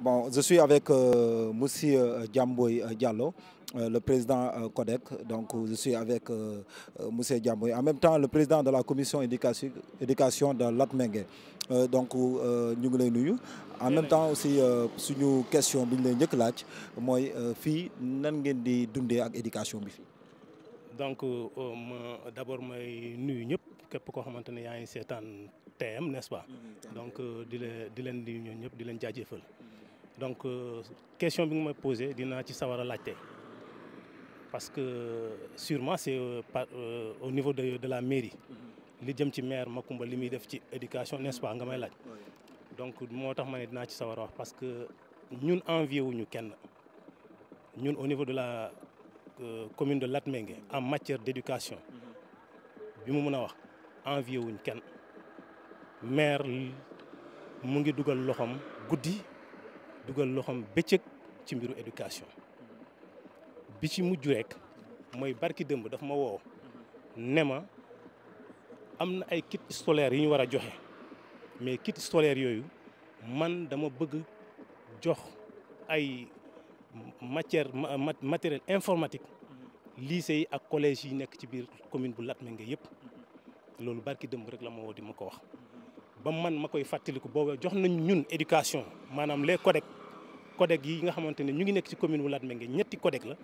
Bon, je suis avec euh, Moussi euh, euh, Diallo, euh, le président CODEC. Donc, je suis avec Moussi Djamboy. En même temps, le président de la commission éducation, de Latmengue. donc, nous sommes En même temps, aussi, sur une question, moi, fille, nan ngeen di dundé éducation bi donc d'abord nous nuyu képp koo xamante ne yaa ngi seetaan TM n'est-ce pas. Mm-hmm. donc euh, di leen di leen di ñoom ñëpp di leen jaajëfal. donc euh, question bi nga may posé dinaa ci sawar a laajte parce que sûrement c'est euh, au niveau de de la mairie. Mm-hmm. li jëm ci maire Makumba li muy def ci éducation n'est-ce pas nga may laaj. donc moo tax ma ne dinaa ci sawar a wax parce que ñun envié wuñu kenn ñun au niveau de la commune de Latmengue, en matière d'éducation. Mm-hmm. bi mu mën a wax envié wuñ kenn maire mu ngi dugal loxoom guddi dugal loxoom bëccëg ci mbiru éducation bi ci mujj rek mooy barki dëmb daf ma woo ne ma am na ay kit scolaire yi ñu war a joxe mais kit scolaire yooyu man dama bëgg jox ay matière matériel informatique lycée yi ak collège yi nekk ci biir commune bu Latmingué yëpp loolu barki dëmb rek la ma woo di ma ko wax ba man ma koy fàttaliku boobu jox nañ ñun éducation maanaam les codec codec yi nga xamante ne ñu ngi nekk ci commune wu Latmingué ñetti codec la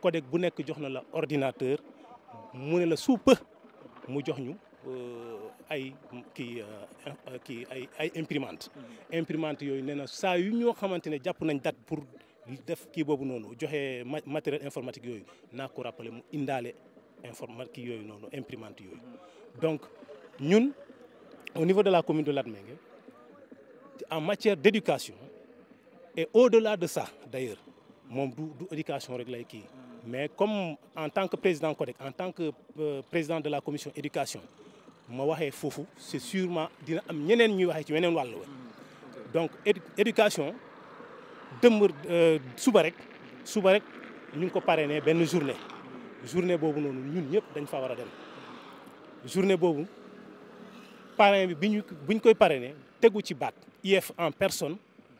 codec bu nekk jox na la ordinateur mu ne la sous mu jox ñu euh, ay kii euh, kii ay ay imprimante imprimante yooyu nee na saa yu ñoo xamante ne jàpp nañ date pour def kii boobu noonu joxe matériel informatique yooyu naa ko rappelé mu indaale informatique yooyu noonu imprimante donc ñun au niveau de la commune de Latmengue en matière d'éducation et au-delà de ça d'ailleurs mom du du éducation rek lay ki mais comme en tant que président CODEC en tant que euh, président de la commission éducation ma waxé fofu c'est sûrement dina am ñeneen ñuy waxé ci walu donc éducation euh, suba rek suba rek ñu ko parrainer ben journée journée bobu noonu ñun ñëpp dañ fa wara dem journée bobu parrain bi bi ñu koy parrainé tegu ci baat IF en personne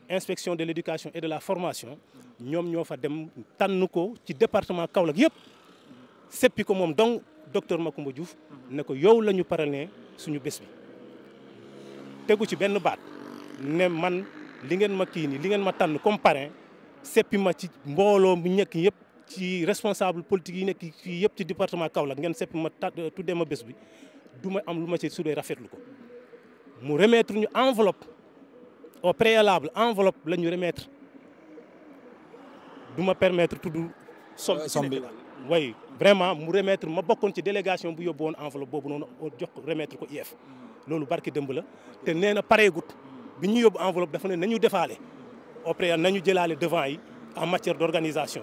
inspection de l'éducation et de la formation ñom ñoo fa dem tann ko ci département Kaolack yëpp seppi ko mom donc docteur Macoumba Diouf ne ko yow lañu ñu parrainé suñu bës bi tegu ci benn baat ne man li ngeen ma kii nii li ngeen ma tànn comme parrain seppi ma ci mbooloo mu ñekk yëpp ci responsable politique yi nek fii yépp ci département Kaolack ngeen sepp ma euh, tuddee ma bés bi duma ma am lu ma ci sudee rafetlu ko mu remettre ñu enveloppe au préalable enveloppe la ñu remettre duma permettre tuddu somme euh, Oui, way vraiment mu remettre ma bonne ci délégation bu yóbbu woon enveloppe bobu non jox remettre ko IF. Lolu barki demb la té néna na gout bi ñu yóbbu enveloppe dafa ne nañu defaale au préalable nañu jëlalé devant yi en matière d'organisation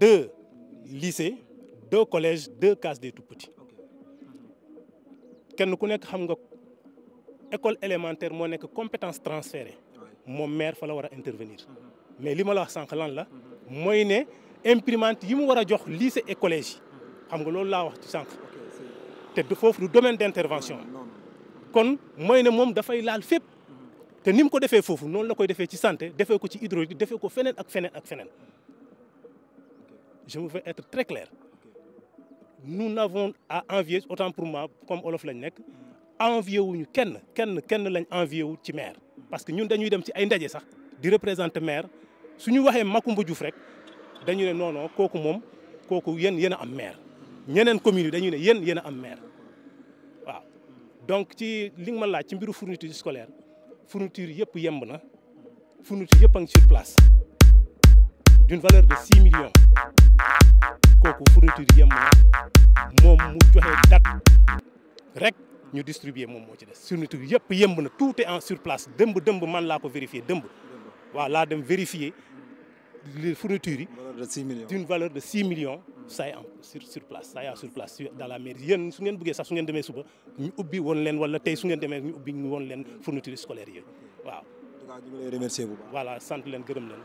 deux lycées deux collèges deux cases des tout-petits Quand nous connaissons xam nga école élémentaire moi, nekk compétence transférée Mon maire fa la war intervenir mhm. mais li ma la wax sànq là, la mooy imprimante il mu war jox lycée et collège yi mhm. xam nga sens? laa wax ci Le te du du domaine d'intervention kon mooy ne moom dafay laal fépp mhm. te ni mu ko defee foofu noonu la koy defee ci santé defee ko ci hydraulique defee ko feneen ak feneen ak feneen je vous veux être très clair. Nous n'avons à envier, autant pour moi, comme Olof lañ nekk envier wuñu kenn kenn kenn lañ envier wu ci maire. parce que ñun dañuy dem ci ay ndaje sax di représenter maire suñu waxee Macoumba Diouf rek dañu ne non non kooku moom kooku yéen yéen a am maire. ñeneen communes yi dañu ne yéen yéen a am maire waaw donc ci li nga ma laaj ci mbiru fourniture scolaire fourniture yëpp yemb na fourniture yëpp a ngi sur place d'une valeur de 6 millions kooku fourniture yem na moom mu joxe date rek ñu distribuer mom mo ci des fourniture yëpp yemb na tout est en sur place demb demb man la ko vérifier demb wa la dem vérifier les fournitures yi d'une valeur de 6 millions ça est en sur sur place ça est sur place dans la mairie yéen su ngeen bëggee sax su ngeen démé suba ñu ubbi woon leen wala tay su ngeen démé ñu ubbi woon leen fourniture scolaire yooyu waaw. en tout cas ñu lay remercier bu baax. voilà sante len gërëm len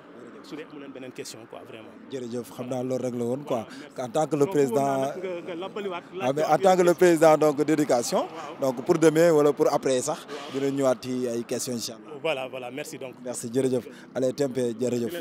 su dee amu leen beneen question quoi vraiment. jërëjëf xam naa loolu rek la won quoi en tant que le président ah mais en tant que le président donc dédication donc pour demain wala pour après sax dina ñëwaat ci ay questions incha voilà voilà merci donc. merci jërëjëf allez Tempe jërëjëf.